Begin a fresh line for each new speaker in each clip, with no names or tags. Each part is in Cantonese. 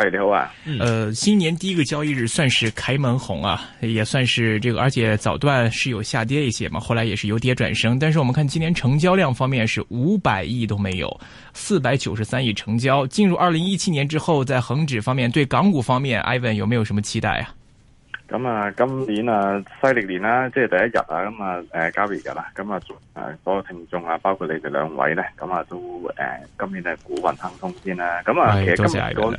Hey, 啊、呃，新年第一個交易日算是開門紅啊，也算是這個，而且早段是有下跌一些嘛，後來也是由跌轉升。但是我們看今年成交量方面是五百億都沒有，四百九十三億成交。進入二零一七年之後，在恒指方面對港股方面，Ivan 有沒有什麼期待啊？
咁啊，今年啊，西曆年啦、啊，即係第一日啊，咁、嗯、啊，誒、呃，交易噶啦，咁、嗯、啊，誒、呃，所有聽眾啊，包括你哋兩位呢，咁、嗯、啊，都誒、呃，今年嘅股份亨通先啦、啊。咁、嗯、啊，其實今日、哎、都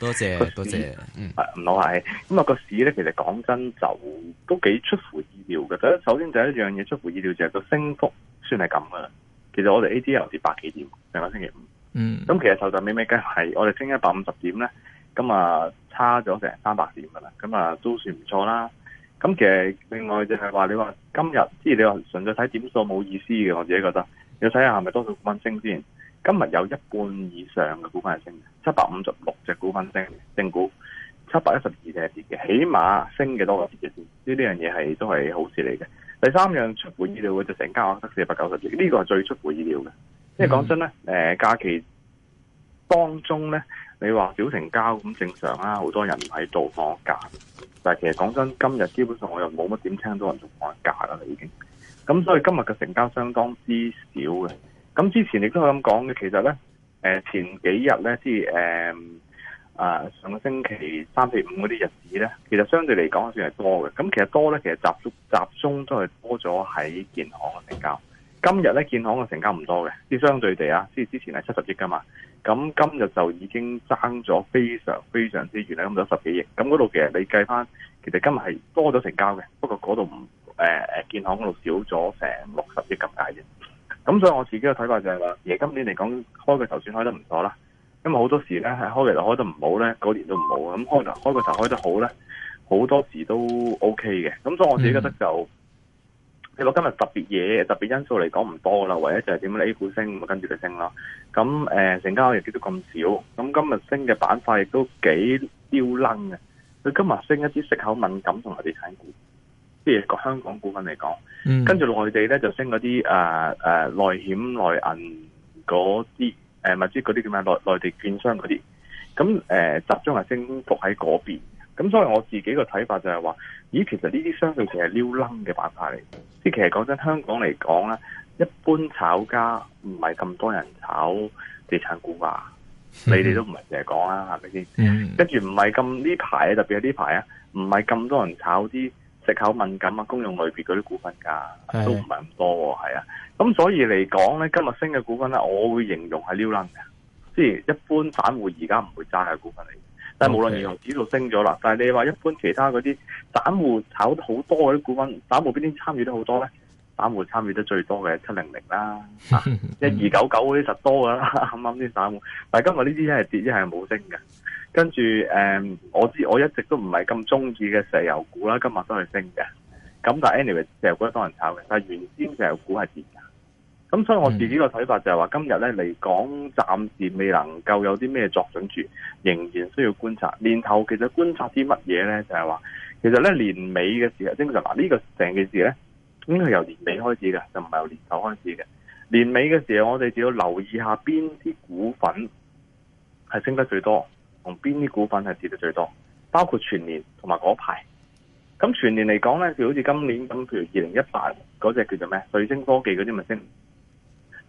多謝多謝，係唔好話，咁啊個市咧、嗯，那個，其實講真就都幾出乎意料嘅。首先就一樣嘢出乎意料、就是，就係個升幅算係咁噶啦。其實我哋 ADR 跌百幾點，成個星期五。嗯，咁其實就就頭頭尾尾嚟計係，我哋升一百五十點咧，咁啊差咗成三百點噶啦，咁啊都算唔錯啦。咁其實另外就係話，你話今日即係你話純粹睇點數冇意思嘅，我自己覺得，要睇下係咪多數股份升先？今日有一半以上嘅股份係升嘅，七百五十六隻股份升正股七百一十二隻跌嘅，起碼升嘅多過跌嘅，呢啲樣嘢係都係好事嚟嘅。第三樣出乎意料嘅就成交得四百九十億，呢、呢個係最出乎意料嘅。Mm-hmm. 即係講真咧，誒假期當中咧，你話少成交咁正常啦，好多人喺度放假。但係其實講真，今日基本上我又冇乜點聽到人做放假啦，已經。咁所以今日嘅成交相當之少嘅。咁之前亦都係咁講嘅，其實咧，前幾日咧，即係誒上個星期三四五嗰啲日子咧，其實相對嚟講算係多嘅。咁其實多咧，其實集中集中都係多咗喺建行嘅成交。今日咧，建行嘅成交唔多嘅，即相對地啊，即係之前係七十億噶嘛。咁今日就已經爭咗非常非常之遠，差咁多十幾億。咁嗰度其實你計翻，其實今日係多咗成交嘅，不過嗰度唔誒建行嗰度少咗成六十億咁解啫。咁所以我自己嘅睇法就係、是、話，而今年嚟講，開嘅頭先開得唔錯啦。因為好多時咧係開嚟就開得唔好咧，嗰年都唔好。咁開嚟開個頭開得好咧，好多時都 OK 嘅。咁所以我自己覺得就，你、嗯、實今日特別嘢、特別因素嚟講唔多啦。唯一就係點樣 A 股升，咪跟住佢升咯。咁誒、呃，成交亦都咁少。咁今日升嘅板塊亦都幾刁棱嘅。佢今日升一啲食口敏感同埋地產股。即係個香港股份嚟講，跟住內地咧就升嗰啲誒誒內險內銀嗰啲誒，咪者嗰啲叫咩內內地券商嗰啲，咁誒、呃、集中係升幅喺嗰邊。咁所以我自己個睇法就係話，咦，其實呢啲相對其實溜冧嘅板塊嚟。即係其實講真，香港嚟講咧，一般炒家唔係咁多人炒地產股噶，你哋都唔係成日講啦，係咪先？跟住唔係咁呢排，特別係呢排啊，唔係咁多人炒啲。直口敏感啊，公用類別嗰啲股份價都唔係咁多，係啊，咁所以嚟講咧，今日升嘅股份咧，我會形容係溜楞嘅，即係一般散戶而家唔會揸喺股份嚟。Okay. 但係無論如何，指數升咗啦，但係你話一般其他嗰啲散戶炒得好多嗰啲股份，散戶邊啲參與得好多咧？散戶參與得最多嘅七零零啦，一二九九嗰啲實多噶啦，啱啱先散戶。但係今日呢啲一係跌一係冇升嘅。跟住，誒、嗯，我知我一直都唔係咁中意嘅石油股啦，今日都係升嘅。咁但係 anyway，石油股都多人炒嘅。但係原先石油股係跌㗎。咁所以我自己個睇法就係、是、話，今日咧嚟講，暫時未能夠有啲咩作準住，仍然需要觀察。年頭其實觀察啲乜嘢咧，就係、是、話，其實咧年尾嘅時候正常嗱呢、這個成件事咧，應該係由年尾開始嘅，就唔係由年頭開始嘅。年尾嘅時候，我哋就要留意下邊啲股份係升得最多。同邊啲股份係跌得最多？包括全年同埋嗰排。咁全年嚟講咧，就好似今年咁，譬如二零一八嗰隻叫做咩？瑞星科技嗰啲咪升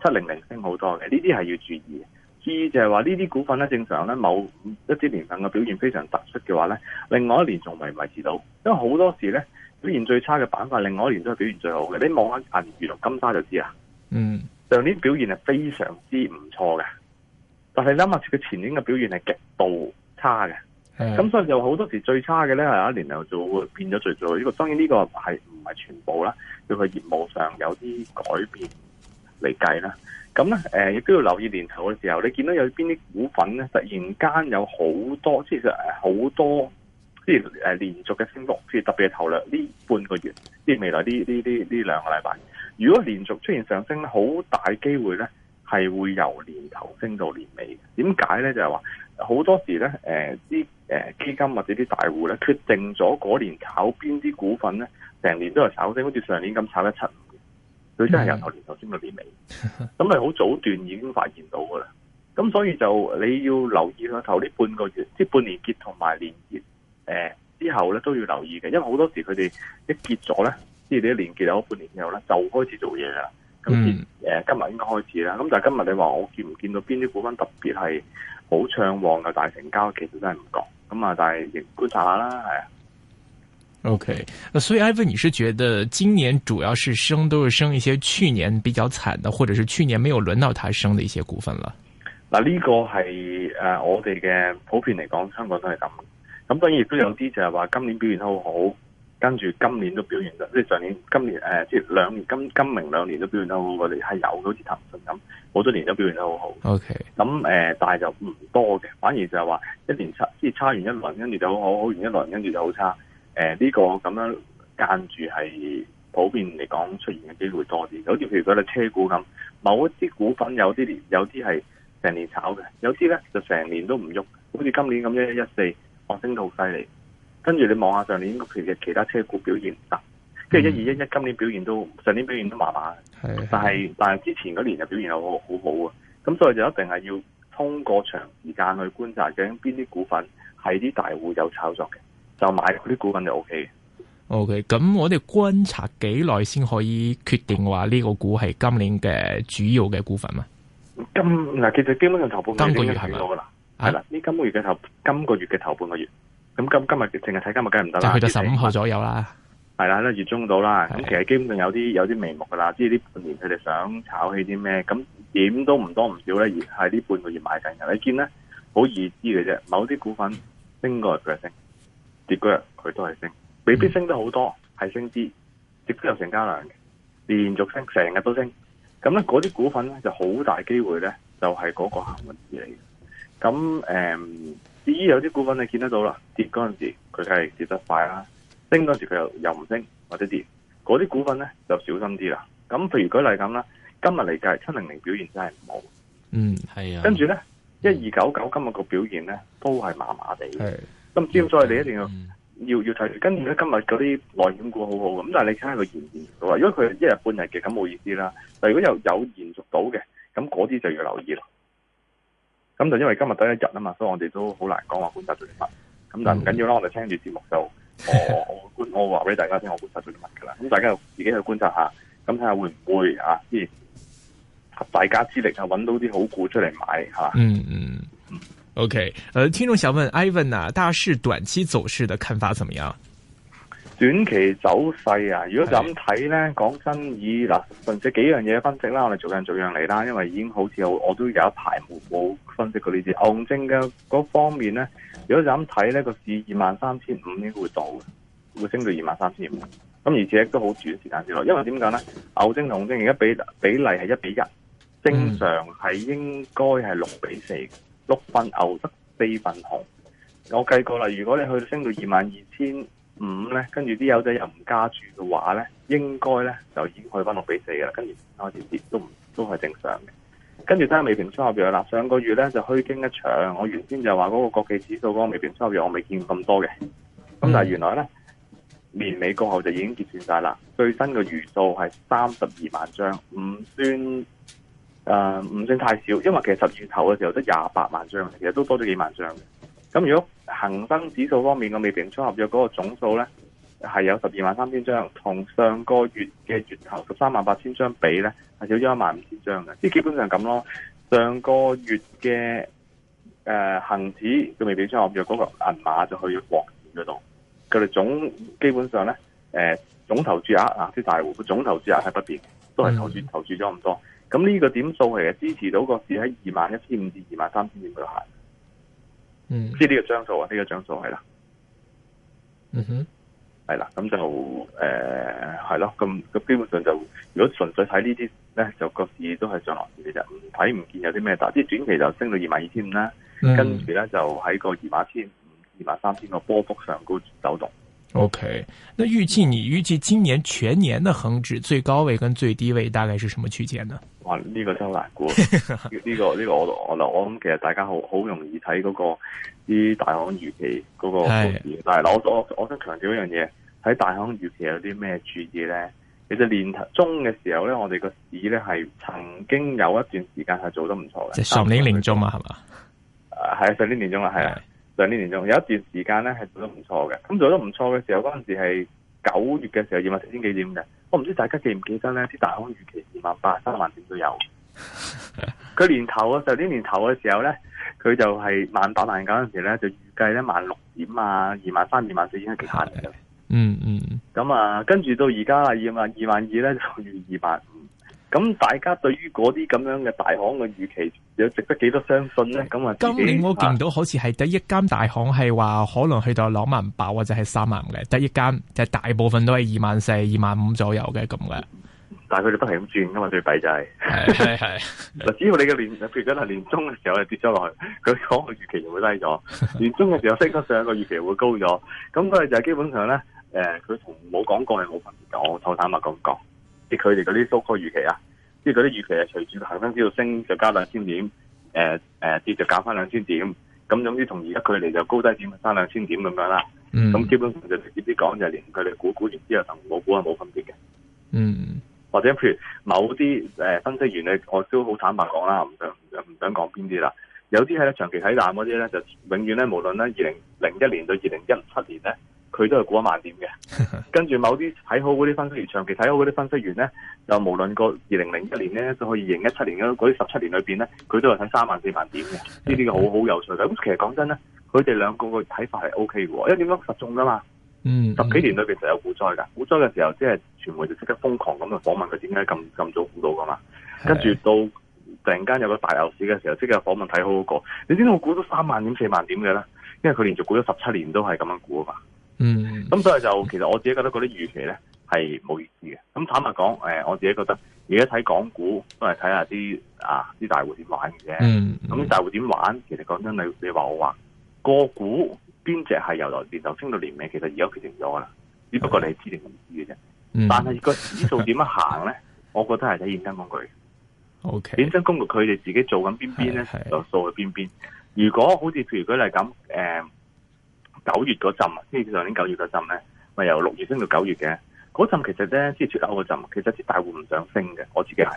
七零零，升好多嘅？呢啲係要注意。至於就係話呢啲股份咧，正常咧，某一啲年份嘅表現非常突出嘅話咧，另外一年仲係咪維持到？因為好多時咧表現最差嘅板塊，另外一年都係表現最好嘅。你望下銀娛同金沙就知啦。嗯，上年表現係非常之唔錯嘅。但係咧，諗下佢前年嘅表現係極度差嘅，咁所以就好多時最差嘅咧係一年後就會變咗最做。呢個當然呢個係唔係全部啦，要佢業務上有啲改變嚟計啦。咁咧誒，亦、呃、都要留意年頭嘅時候，你見到有邊啲股份咧，突然間有好多，即係誒好多，即係誒連續嘅升幅，譬如特別係頭兩呢半個月，即係未來呢呢啲呢兩個禮拜，如果連續出現上升，好大機會咧。係會由年頭升到年尾的，點解咧？就係話好多時咧，誒啲誒基金或者啲大戶咧，決定咗嗰年炒邊啲股份咧，成年都係炒升，好似上年咁炒得七五，佢真係由頭年， 年頭升到年尾，咁你好早段已經發現到噶啦。咁所以就你要留意啦，頭呢半個月，即係半年結同埋年結誒、呃、之後咧，都要留意嘅，因為好多時佢哋一結咗咧，即係你一年結咗半年之後咧，就開始做嘢噶啦。咁、嗯，今日應該開始啦。咁但係今日你話我見唔見到邊啲股份特別係好暢旺嘅大成交？其實真係唔覺咁啊。但係仍觀察下啦，係。
O、okay, K，所以 Ivan 你是覺得今年主要是升，都是升一些去年比較慘的，或者是去年沒有輪到它升的一些股份啦。
嗱、這個，呢個係誒我哋嘅普遍嚟講，香港都係咁。咁當然亦都有啲就係話今年表現好好。跟住今年都表現得，即係上年、今年誒、呃，即係兩年今今明兩年都表現得好。我哋係有，好似騰訊咁，好多年都表現得好好。OK，咁誒，但係就唔多嘅，反而就係話一年差，即係差完一輪跟住就好好，好完一輪跟住就好差。誒、呃、呢、這個咁樣間住係普遍嚟講出現嘅機會多啲。好似譬如嗰啲車股咁，某一啲股份有啲年，有啲係成年炒嘅，有啲咧就成年都唔喐。好似今年咁一一一四，114，我升得好犀利。跟住你望下上年，應該其實其他車股表現唔得，即係一二一一今年表現都上年表現都麻麻，係，但係但係之前嗰年就表現又好好好啊，咁所以就一定係要通過長時間去觀察，究竟邊啲股份係啲大戶有炒作嘅，就買嗰啲股份就 OK。
OK，咁我哋觀察幾耐先可以決定話呢個股係今年嘅主要嘅股份嘛？
今嗱，其實基本上頭半，今個月係咪？係啦，呢、啊、今個月嘅頭，今個月嘅頭半個月。咁今今日淨係睇今日梗唔得啦，去到十五號左右啦，係啦，熱月中到啦。咁其實基本上有啲有啲眉目噶啦，即係呢半年佢哋想炒起啲咩，咁點都唔多唔少咧，而係呢半個月買緊嘅。你見咧好易知嘅啫，某啲股份升過佢係升，跌過佢都係升，未必升得好多，係、嗯、升啲，亦都有成交量嘅，連續升成日都升。咁咧嗰啲股份咧就好大機會咧，就係嗰個行運字嚟嘅。咁、嗯至於有啲股份你見得到啦，跌嗰陣時佢係跌得快啦，升嗰陣時佢又又唔升或者跌，嗰啲股份咧就小心啲啦。咁譬如舉例咁啦，今日嚟計七零零表現真係唔好，嗯係啊，跟住咧一二九九今日個表現咧、嗯、都係麻麻地，咁所以你一定要、嗯、要要睇。跟住咧今日嗰啲內險股好好咁，咁但係你睇下佢延續到話，如果佢一日半日嘅咁冇意思啦。但如果有，有延續到嘅，咁嗰啲就要留意啦。咁就 因為今日得一日啊嘛，所以我哋都好難講話，觀察到啲乜。咁但係唔緊要啦，我哋聽住節目就我我觀我話俾大家聽，我觀察到啲乜噶啦。咁大家自己去觀察下，咁睇下會唔會啊？即係合大家之力啊，揾到啲好股出嚟買吓。嗯嗯。
OK，誒，聽眾想問 Ivan 啊，大市短期走勢嘅看法怎麼樣？
短期走勢啊！如果就咁睇咧，講真，以嗱純粹幾樣嘢分析啦，我哋逐樣逐樣嚟啦。因為已經好似我都有一排冇分析過呢啲牛證嘅嗰方面咧。如果就咁睇咧，個市二萬三千五應該會到嘅，會升到二萬三千五。咁而且都好短時間之內，因為點講咧？牛證同熊證而家比比例係一比一，正常係應該係六比四，六分牛得四分熊。我計過啦，如果你去到升到二萬二千五咧，跟住啲友仔又唔加注嘅話咧，應該咧就已經去翻六比四嘅啦。跟住開始跌都唔都係正常嘅。跟住睇下未平倉合約啦，上個月咧就虛驚一場。我原先就話嗰個國企指數嗰個未平倉合約我未見咁多嘅，咁、嗯、但係原來咧年尾過後就已經結算晒啦。最新嘅餘數係三十二萬張，唔算誒、呃、唔算太少，因為其實十二月頭嘅時候得廿八萬張，其實都多咗幾萬張嘅。咁如果恆生指數方面個未平倉合約嗰個總數咧係有十二萬三千張，同上個月嘅月頭十三萬八千張比咧係少咗一萬五千張嘅，即係基本上咁咯。上個月嘅誒恆指嘅未平倉合約嗰個銀碼就去咗獲利嗰度，佢哋總基本上咧誒、呃、總投注額啊、就是、大戶嘅總投注額係不變，都係投注投注咗咁多，咁呢個點數其實支持到個市喺二萬一千五至二萬三千點嘅下。嗯，即係呢個張數啊，呢、這個張數係啦，嗯哼，係啦，咁就誒係咯，咁、呃、咁基本上就如果純粹睇呢啲咧，就個市都係上落市嘅啫，睇唔見有啲咩大，即係短期就升到二萬二千五啦、嗯，跟住咧就喺個二萬一千五、二萬三千個波幅上高走動。
O、okay. K，那預計你預計今年全年嘅恒指最高位跟最低位大概是什麼區間呢？
哇，呢、這個真好難估。呢、 這個呢、這個我我我諗其實大家好好容易睇嗰、那個啲大行預期嗰個數字。 但係嗱，我我我想強調一樣嘢，喺大行預期有啲咩注意咧？其實年中嘅時候咧，我哋個市咧係曾經有一段時間係做得唔錯嘅。即
上但是、 呃、年年中啊，係嘛？
啊，係上年年中啊，係啊。上年年中有一段時間咧係做得唔錯嘅，咁做得唔錯嘅時候，嗰陣時係九月嘅時候，二萬四千幾點嘅。我唔知大家記唔記得咧？啲大行預期二萬八、三萬點都有。佢 年頭啊，上年年頭嘅時候咧，佢就係萬八萬九嗰陣時咧，就預計咧萬六點啊、二萬三、二萬四點幾點已經係極限嘅。嗯
嗯，
咁啊，跟住到而家啊，二萬二萬二咧就預二萬。咁大家對於嗰啲咁樣嘅大行嘅預期有值得幾多相信咧？咁啊，今年我見
到好似係第一間大行係話可能去到兩萬八或者係三萬嘅，第一間就大部分都係二萬四、二萬五左右嘅
咁嘅。但係佢哋不停咁轉噶嘛，最弊就係係係嗱， 只要你嘅年，譬如真係年終嘅時候跌咗落去，佢嗰個預期就會低咗， 年終嘅時候升咗上，一個預期就會高咗。咁佢哋就基本上咧，誒、呃，佢同冇講過係冇分別我透坦白咁講。即佢哋嗰啲收購預期啊，即係嗰啲預期啊，隨住行商知道升就加兩千點，誒、呃、誒、呃、跌就減翻兩千點，咁總之同而家佢哋就高低點差兩千點咁樣啦。咁、嗯、基本上就直接啲講，就係連佢哋估估完之後同冇估係冇分別嘅。嗯，或者譬如某啲誒分析員咧，我都好坦白講啦，唔想唔想講邊啲啦。有啲係咧長期睇淡嗰啲咧，就永遠咧，無論咧二零零一年到二零一七年咧。佢都係估一萬點嘅， 跟住某啲睇好嗰啲分析員，長期睇好嗰啲分析員咧，就無論個二零零一年咧，到去二零一七年嗰啲十七年裏邊咧，佢都係睇三萬四萬點嘅。呢啲嘅好好有趣嘅。咁其實講真咧，佢哋兩個嘅睇法係 O K 嘅喎，因為點講實中噶嘛，嗯。嗯，十幾年裏邊實有股災㗎，股災嘅時候即係、就是、傳媒就即刻瘋狂咁去訪問佢點解咁咁早估到㗎嘛。跟住到突然間有個大牛市嘅時候，即刻訪問睇好嗰、嗰個。你知唔知我估到三萬點四萬點嘅咧？因為佢連續估咗十七年都係咁樣估啊嘛。嗯，咁所以就其實我自己覺得嗰啲預期咧係冇意思嘅。咁坦白講，誒、呃，我自己覺得而家睇港股都係睇下啲啊啲大戶點玩嘅啫。咁、嗯嗯、大戶點玩？其實講真，你你話我話，個股邊隻係由來年頭升到年尾，其實而家決定咗啦。只不過你係知定唔知嘅啫、嗯。但係、這個指數點樣行咧？ 我覺得係睇衍生工具。
O K，衍
生工具佢哋自己做緊邊邊咧，就數去邊邊。如果好似譬如佢嚟咁，誒、嗯。九月嗰陣啊，即係上年九月嗰陣咧，咪由六月升到九月嘅嗰陣，其實咧，即係最後個陣，其實啲大戶唔想升嘅，我自己睇，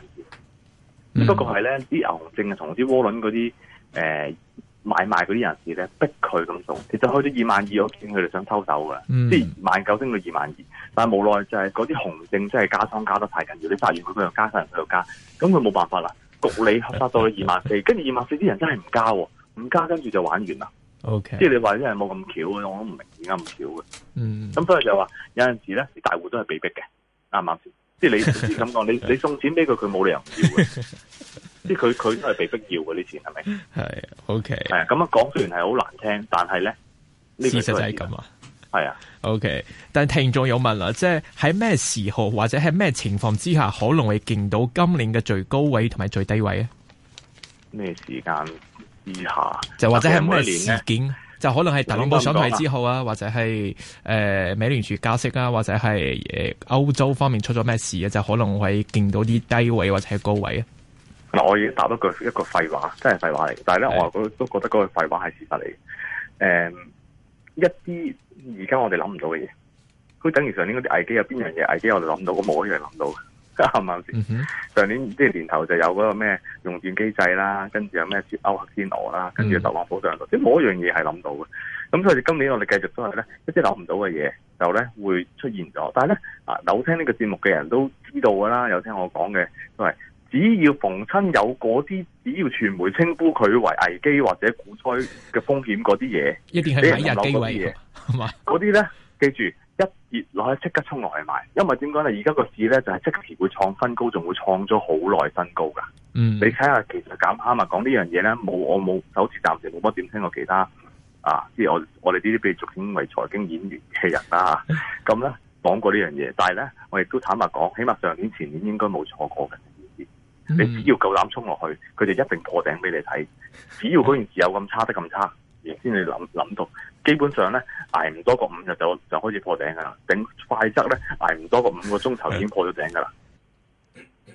只、嗯、不過係咧啲牛熊證啊，同啲窩輪嗰啲誒買賣嗰啲人士咧逼佢咁做，其實去到二萬二，我見佢哋想偷走嘅，即係二萬九升到二萬二，但係無奈就係嗰啲熊證真係加倉加得太緊要，你發現佢佢又加，佢又加，咁佢冇辦法啦，焗你合沙到咗二萬四，跟住二萬四啲人真係唔加喎，唔加跟住就玩完啦。O K，即係你話啲人冇咁巧嘅。我都唔明點解咁巧嘅。嗯，咁所以就話有陣時咧， 你大戶都係被逼嘅，啱唔啱先？即係你先咁講，你你送錢俾佢，佢冇理由唔要嘅。即係佢佢都係被逼要嗰啲錢，係咪？
係 O K，
係啊。咁啊，講雖然係好難聽，但係咧，事實就係咁啊。係啊，O K。
Okay. 但係聽眾有問啦，即係喺咩時候或者喺咩情況之下，可能會見到今年嘅最高位同埋最低位啊？咩
時間？下就或者係咩事件，
就可能係特朗普上台之後啊，嗯、或者係誒、呃、美聯儲加息啊，或者係誒歐洲方面出咗咩事啊，就可能會見到啲低位或者係高位
啊。嗱，我要答多句一個廢話，真係廢話嚟，但係咧是我都都覺得嗰個廢話係事實嚟。誒、嗯，一啲而家我哋諗唔到嘅嘢，佢等於上年嗰啲危機有邊樣嘢危機我哋諗到？我冇一樣諗到。啱唔
先？
上、 嗯、年即係年頭就有嗰個咩用券機制啦，跟住有咩接歐克天鵝啦，跟住特朗普上度，即係冇一樣嘢係諗到嘅。咁所以今年我哋繼續都係咧一啲諗唔到嘅嘢，就咧會出現咗。但係咧啊，有聽呢個節目嘅人都知道噶啦，有聽我講嘅，因、就、為、是、只要逢親有嗰啲，只要傳媒稱呼佢為危機或者股災嘅風險嗰啲嘢，一定係喺人機位嘅，係嘛？嗰啲咧，記住。一跌落去即刻衝落去買，因為點講咧？而家個市咧就係即時會創新高，仲會創咗好耐新高噶。嗯、mm.，你睇下，其實咁坦白講呢樣嘢咧，冇我冇，好似暫時冇乜點聽過其他啊，即係我我哋呢啲被俗稱為財經演員嘅人啦、啊。咁咧講過呢樣嘢，但係咧我亦都坦白講，起碼上年前年應該冇錯過嘅。你只要夠膽衝落去，佢哋一定破頂俾你睇。只要嗰件事有咁差得咁差。先至諗諗到，基本上咧挨唔多過五日就就開始破頂噶啦。頂快則咧挨唔多過五個鐘頭已經破咗頂噶啦。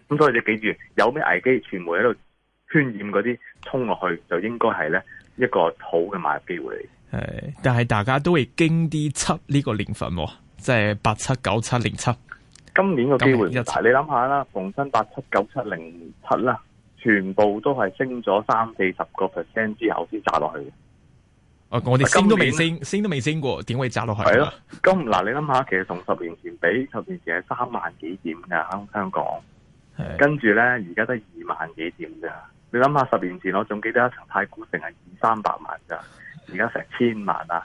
咁 所以你記住，有咩危機，傳媒喺度渲染嗰啲衝落去就應該係咧一個好嘅買入機會嚟。
係，但係大家都會驚啲七呢個年份、哦，即係八七九七零七。
今年個機會一齊，你諗下啦，逢新八七九七零七啦，全部都係升咗三四十個 percent 之後先炸落去。
啊、我哋升都未升，升都未升過，點會砸落去？係咯，
咁嗱，你諗下，其實同十年前比，十年前係三萬幾點嘅香港，
跟
住咧，而家得二萬幾點咋？你諗下，十年前我仲記得一層太古城係二三百萬咋，而家成千萬啦。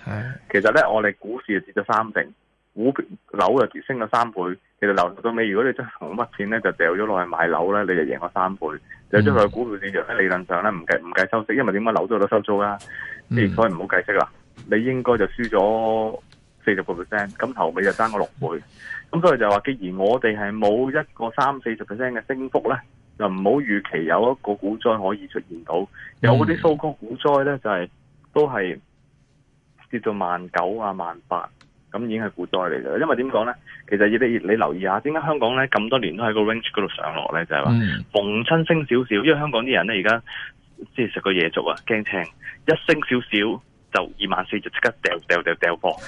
其實咧，我哋股市就跌咗三成，股樓就跌升咗三倍。其實流到尾，如果你真係冇乜錢咧，就掉咗落去買樓咧，你就贏咗三倍。有咗個股票市場喺理論上咧，唔計唔計收息，因為點解樓都有得收租啦，所以唔好計息啦。你應該就輸咗四十個 percent，咁頭尾就爭個六倍，咁所以就話，既然我哋係冇一個三四十 percent 嘅升幅咧，就唔好預期有一個股災可以出現到。有嗰啲收割股災咧，就係都係跌到萬九啊萬八。咁已經係股災嚟嘅，因為點講咧？其實要你你留意下，點解香港咧咁多年都喺個 range 嗰度上落咧？就係話，mm-hmm. 逢親升少少，因為香港啲人咧而家即係食過夜粥啊，驚青一升少少就二萬四就即刻掉掉掉掉貨，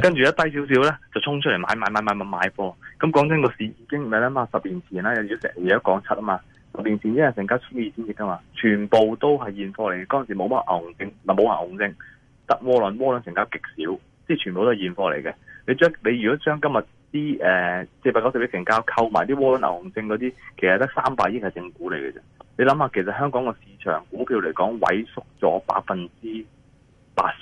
跟住一低少少咧就衝出嚟買買買買買買貨。咁講真個市已經唔係啦嘛？十年前啦，有時成日一講七啊嘛，十年前因為成交出二千億噶嘛，全部都係現貨嚟，嗰陣時冇乜牛證，嗱，冇牛證，得窩輪，窩輪成交極少。即係全部都係現貨嚟嘅，你將你如果將今日啲誒四百九十億成交扣埋啲渦輪牛熊證嗰啲，其實得三百億係正股嚟嘅啫。你諗下，其實香港個市場股票嚟講萎縮咗百分之八十，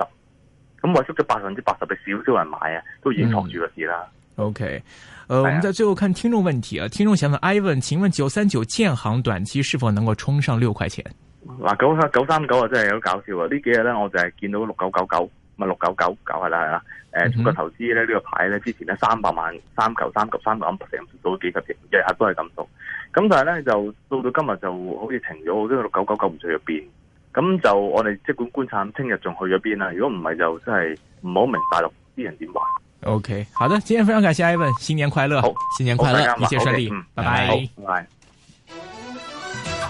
咁萎縮咗百分之八十嘅，少少人買啊，都隱藏住個市啦。
OK，誒、呃啊，我們在最後看聽眾問題啊，聽眾想問，Ivan，請問九三九建行短期是否能夠衝上六塊錢？
嗱、呃，九三九、九三九啊，真係有搞笑啊！呢幾日咧，我就係見到六九九九。六九九九係啦，誒、嗯，中國投資咧呢個牌咧之前咧三百萬三九三九三九成到幾十億，日日都係咁數，咁但係咧就到到今日就好似停咗，即係六九九九唔再邊，咁就我哋即管觀察，聽日仲去咗邊啦，如果唔係就真係唔好明白大陸啲人點玩。O、
okay, K，好的，今天非常感謝 Ivan，新年快樂，好新年快樂，okay, 一切順利 okay,、嗯，拜拜。嗯